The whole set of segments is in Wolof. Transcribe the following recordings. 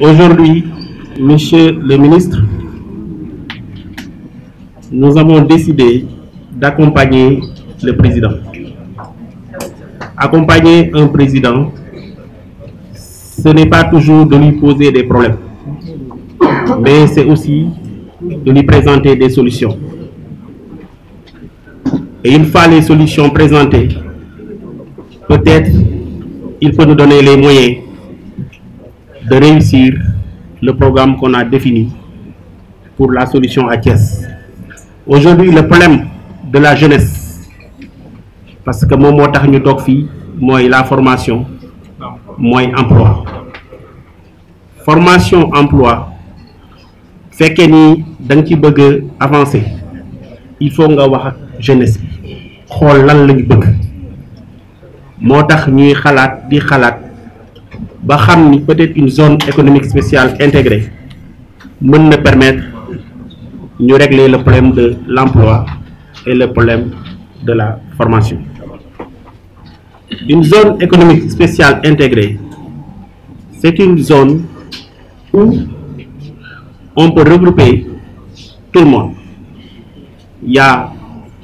Aujourd'hui, Monsieur le ministre, nous avons décidé d'accompagner le président. Accompagner un président, ce n'est pas toujours de lui poser des problèmes, mais c'est aussi de lui présenter des solutions. Et il fois les solutions présentées, Peut-être il faut nous donner les moyens de réussir le programme qu'on a défini pour la solution à Thiès. Aujourd'hui, le problème de la jeunesse, parce que mon mot moi la formation, moi emploi. Formation, emploi, fait que nous avancer. Il faut que la jeunesse ñuy xalaat di peut-être une zone économique spéciale intégrée qui na permettre de régler le problème de l'emploi et le problème de la formation une zone économique spéciale intégrée c'est une zone où on peut regrouper tout le monde il y a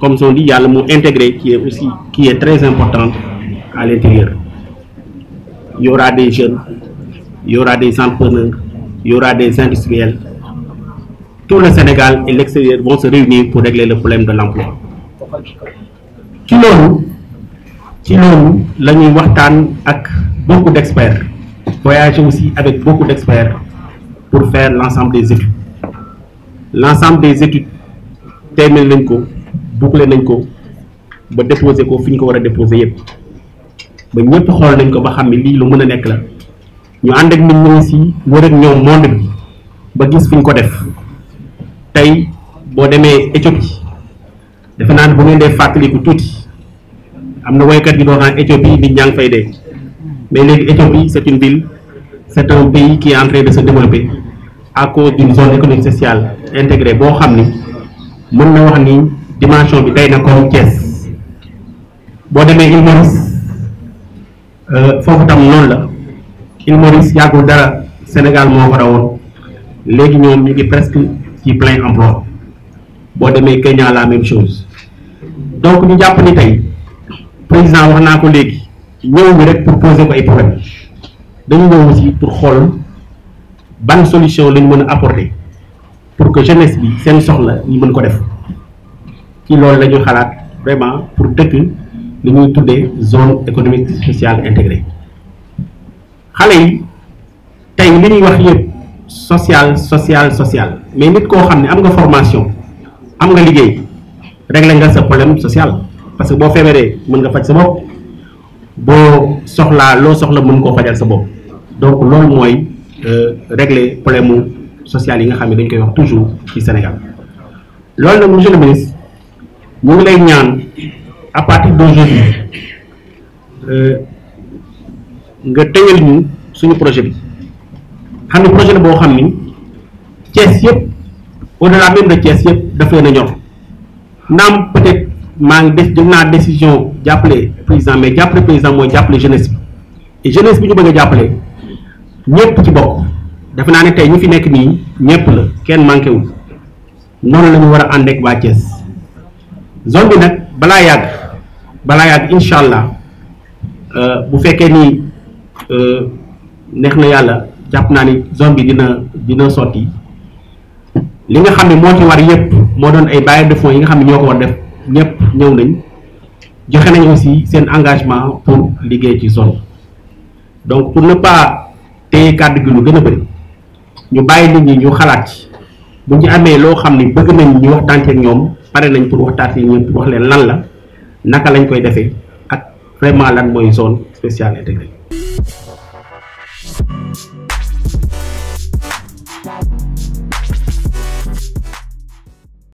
comme on dit il le mot intégré qui est aussi qui est très important à l'intérieur. Il y aura des jeunes, il y aura des entrepreneurs, il y aura des industriels. Tout le Sénégal et l'extérieur vont se réunir pour régler le problème de l'emploi. Qui loolu ci beaucoup d'experts voyager aussi avec beaucoup d'experts pour faire l'ensemble des études l'ensemble des études terminé nañ ko l'inco, déposer ko déposer mais ñëpp xool nañ ko ba xam ne lu a nekk la ñu ànd ak nit ñëw wër ak ñoom monde bi ba gis fi ko def Éthiopie bu Éthiopie mais l'Éthiopie, c'est une ville c'est un pays qui est en train de se développer à cause d'une zone économique sociale intégrée boo wax ni dimension bi day na Euh, foofu tam noonu la Île Maurice yàggul dara Sénégal moo ko rawoon léegi ñoom ñu ngi presque ci plein emploi boo demee Kenya la même chose donc ñu jàpp ni tey président wax naa ko léegi ñëw ñu rek pour poser ko ay problème dañu ñëw aussi pour xool ban solution lañ mën a apporter pour que jeunesse bi seen soxla ñi mën ko def ci loolu la xalaat vraiment pour dëkk li ñuy tuddee zone économique sociale intégrée xale yi tey li ñuy wax yëpp social social social mais nit koo xam ne am nga formation am nga liggéey régler nga sa problème social parce que boo feebaree mën nga faj sa bopp boo soxlaa loo soxla mën koo fajal sa bopp donc loolu mooy euh, régler problème mu social yi nga xam ne dañ koy wax toujours ci Sénégal loolu nag monsieur le ministre ñu ngi lay ñaan. à partir d'aujourd'hui euh, nga téyal ñu suñu projet bi xam ne projet la boo xam ni Thiès yëpp au-delà même de Thiès yëpp daf leen a ñor naam peut-être maa ngi des jël naa décision jàppale président mais jàppale président mooy jàppale jeunesse bi et jeunesse bi ñu bëgg a jàppale ñëpp ci bokk dafa naa ne tey ñu fi nekk nii ñëpp la kenn manqué wul noonu la ñu war a ànd ak waa Thiès zone bi nag balaa yàgg. balaa yàgg incha allah euh, bu fekkee ni euh, neex na yàlla jàpp naa ni zone bi dina dina sotti li nga xam ne moo ci war yëpp moo doon ay bailleurs de fonds yi nga xam ne ñoo ko war def ñëpp ñëw nañ joxe nañ aussi seen engagement pour liggéey ci zone donc pour ne pas téye kàddu gi lu gën a bëri ñu bàyyi nit ñi ñu xalaat ci bu ñu amee loo xam ni bëgg nañ ñu waxtaan ak ñoom pare nañ pour waxtaan ak ñoom wax leen lan la. naka lañ koy defee ak vraiment lan mooy zone spéciale intégrée